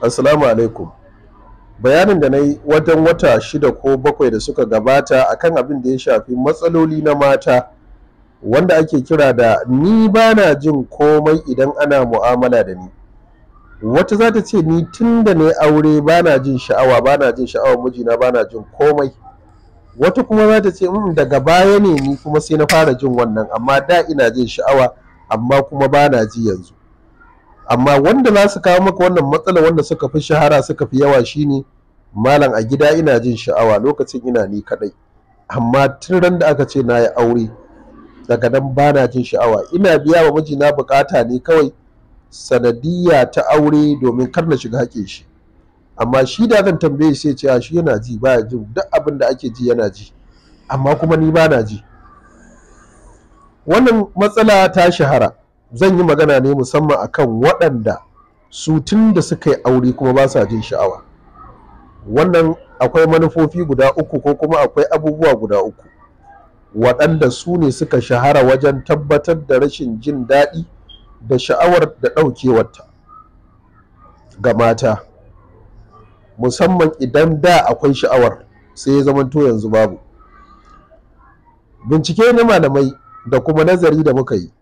Assalamu alaikum. Bayanin da na yi watan wata shida ko bakwai da suka gabata akan abin da ya shafi matsaloli na mata wanda ake kira da ni ba na jin komai idan ana mu'amala da ni. Wata za ta ce ni tun da na aure ba na jin sha'awa ba na jin sha'awa mijina ba na jin komai. Wata kuma za ta ce mm, daga baya ne ni kuma sai na fara jin wannan amma da ina jin sha'awa amma kuma ba na ji yanzu. amma wanda za su kawo maka wannan matsala wanda suka fi shahara suka fi yawa shi ne, malam a gida ina jin sha'awa lokacin ina ni kadai amma tun ran da aka ce na yi aure daga nan ba na jin sha'awa ina biya wa mijina bukata ne kawai sanadiyya ta aure domin kar na shiga hakin shi amma shi da zan tambaye sai ce shi yana ji ba ya jin duk abin da ake ji yana ji amma kuma ni ba na ji wannan matsala ta shahara zan yi magana ne musamman akan waɗanda su tun da suka yi aure kuma ba sa jin sha'awa wannan akwai manufofi guda uku ko kuma akwai abubuwa guda uku waɗanda su ne suka shahara wajen tabbatar da rashin jin daɗi da sha'awar da ɗaukewarta ga mata musamman idan da akwai sha'awar sai ya zamanto yanzu babu bincike na malamai da kuma nazari da muka yi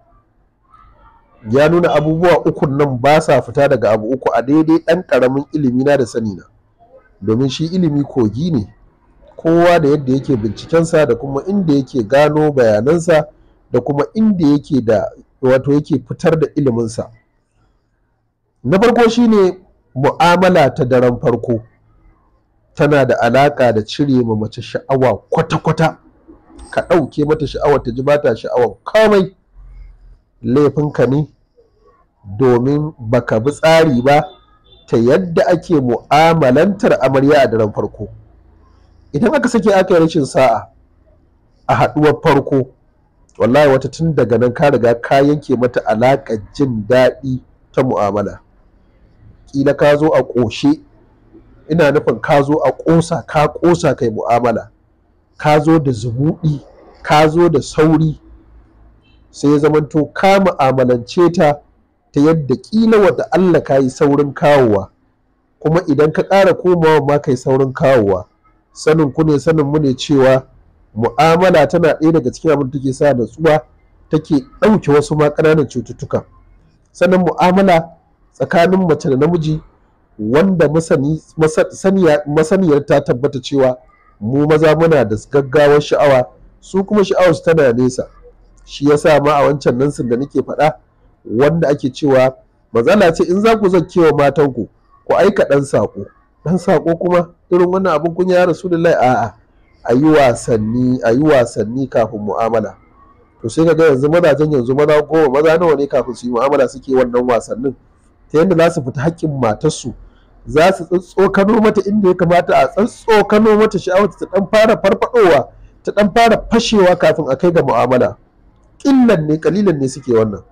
ya nuna abubuwa ukun nan ba sa fita daga abu uku a daidai ɗan ƙaramin ilimi na da sani na domin shi ilimi kogi ne kowa da yadda yake bincikensa da kuma inda yake gano bayanansa da kuma inda yake da wato yake fitar da iliminsa na farko shine mu'amala ta daren farko tana da alaƙa da cire ma mace sha'awa kwata-kwata ka ɗauke mata sha'awar ta ji ba ta sha'awar komai laifinka ne domin baka bi tsari ba ta yadda ake mu'amalantar amarya a daren farko idan aka sake aka yi rashin sa'a a haɗuwar farko wallahi wata tun daga nan ka riga ka yanke mata alaƙar jin daɗi ta mu'amala ƙila ka zo a ƙoshe ina nufin ka zo a ƙosa ka ƙosa kai mu'amala ka zo da zubuɗi ka zo da sauri sai ya zamanto ka mu'amalance ta ta yadda ƙila wata Allah ka yi saurin kawowa kuma idan ka ƙara komawa ma ka yi saurin kawowa sanin ku ne sanin mu ne cewa mu'amala tana ɗaya daga cikin abin da take sa natsuwa take ɗauke wasu ma ƙananan cututtuka Sanin mu'amala tsakanin mace da namiji wanda masaniyar ta tabbata cewa mu maza muna da gaggawar sha'awa su kuma sha'awar tana nesa shi ya sa ma a wancan nansin da nake faɗa wanda ake cewa mazala ce in za ku kewa matanku ku aika ɗan saƙo ɗan saƙo kuma irin wannan abin kunya ya rasu a'a a yi wasanni a yi wasanni kafin mu'amala to sai ga yanzu mazajen yanzu maza goma maza nawa ne kafin su yi mu'amala suke wannan wasannin ta yadda za su fita haƙƙin matarsu za su kano mata inda ya kamata a kano mata sha'awar ta ɗan fara farfadowa ta ɗan fara fashewa kafin a kai ga mu'amala ƙillan ne kalilan ne suke wannan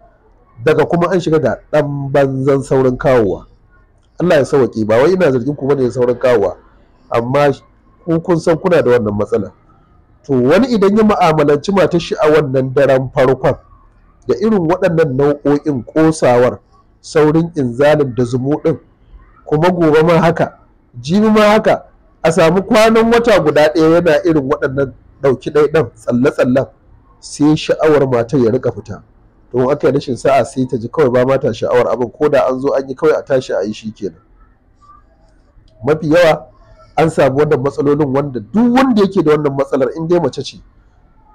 daga kuma an shiga da ɗan banzan saurin kawowa Allah ya sauwaƙe ba wai ina zargin ku bane sauran kawowa amma ku kun san kuna da wannan matsala to wani idan ya ma'amalanci matar shi a wannan daren farkon da irin waɗannan nau'o'in ƙosawar saurin inzalin da zumuɗin kuma gobe ma haka jibi ma haka a samu kwanan wata guda ɗaya yana irin waɗannan ɗauki ɗaya ɗan tsalle-tsallen sai sha'awar matar ya rika fita to aka yi rashin sa'a sai ta ji kawai ba mata sha'awar abin ko da an zo an yi kawai a tashi a yi shi kenan mafi yawa an samu wannan matsalolin wanda duk wanda yake da wannan matsalar in dai mace ce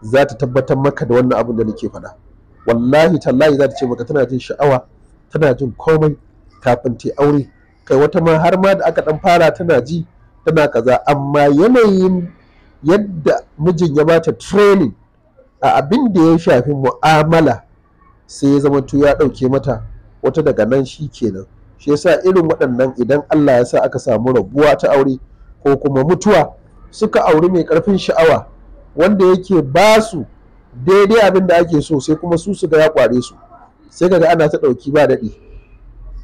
za ta tabbatar maka da wannan abin da nake faɗa wallahi tallahi za ta ce maka tana jin sha'awa tana jin komai kafin ta aure kai wata ma har ma da aka dan fara tana ji tana kaza amma yanayin yadda mijin ya bata training a abin da ya shafi mu'amala sai ya zama ya ɗauke mata wata daga nan shi kenan shi yasa irin waɗannan idan Allah ya sa aka samu rabuwa ta aure ko kuma mutuwa suka auri mai ƙarfin sha'awa wanda yake ba su daidai abin da ake so sai kuma su su ga ya ƙware su sai kaga ana ta ɗauki ba daɗi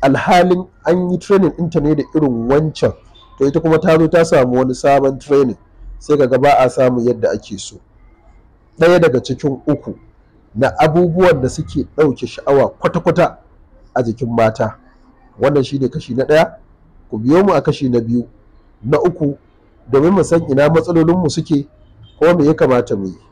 alhalin an yi training ta ne da irin wancan to ita kuma ta zo ta samu wani sabon training sai kaga ba a samu yadda ake so ɗaya daga cikin uku na abubuwan da suke ɗauke sha'awa kwata-kwata a jikin mata wannan shi ne kashi na ɗaya ku biyo mu a kashi na biyu na uku domin mu san ina matsalolinmu suke ko me ya kamata mu yi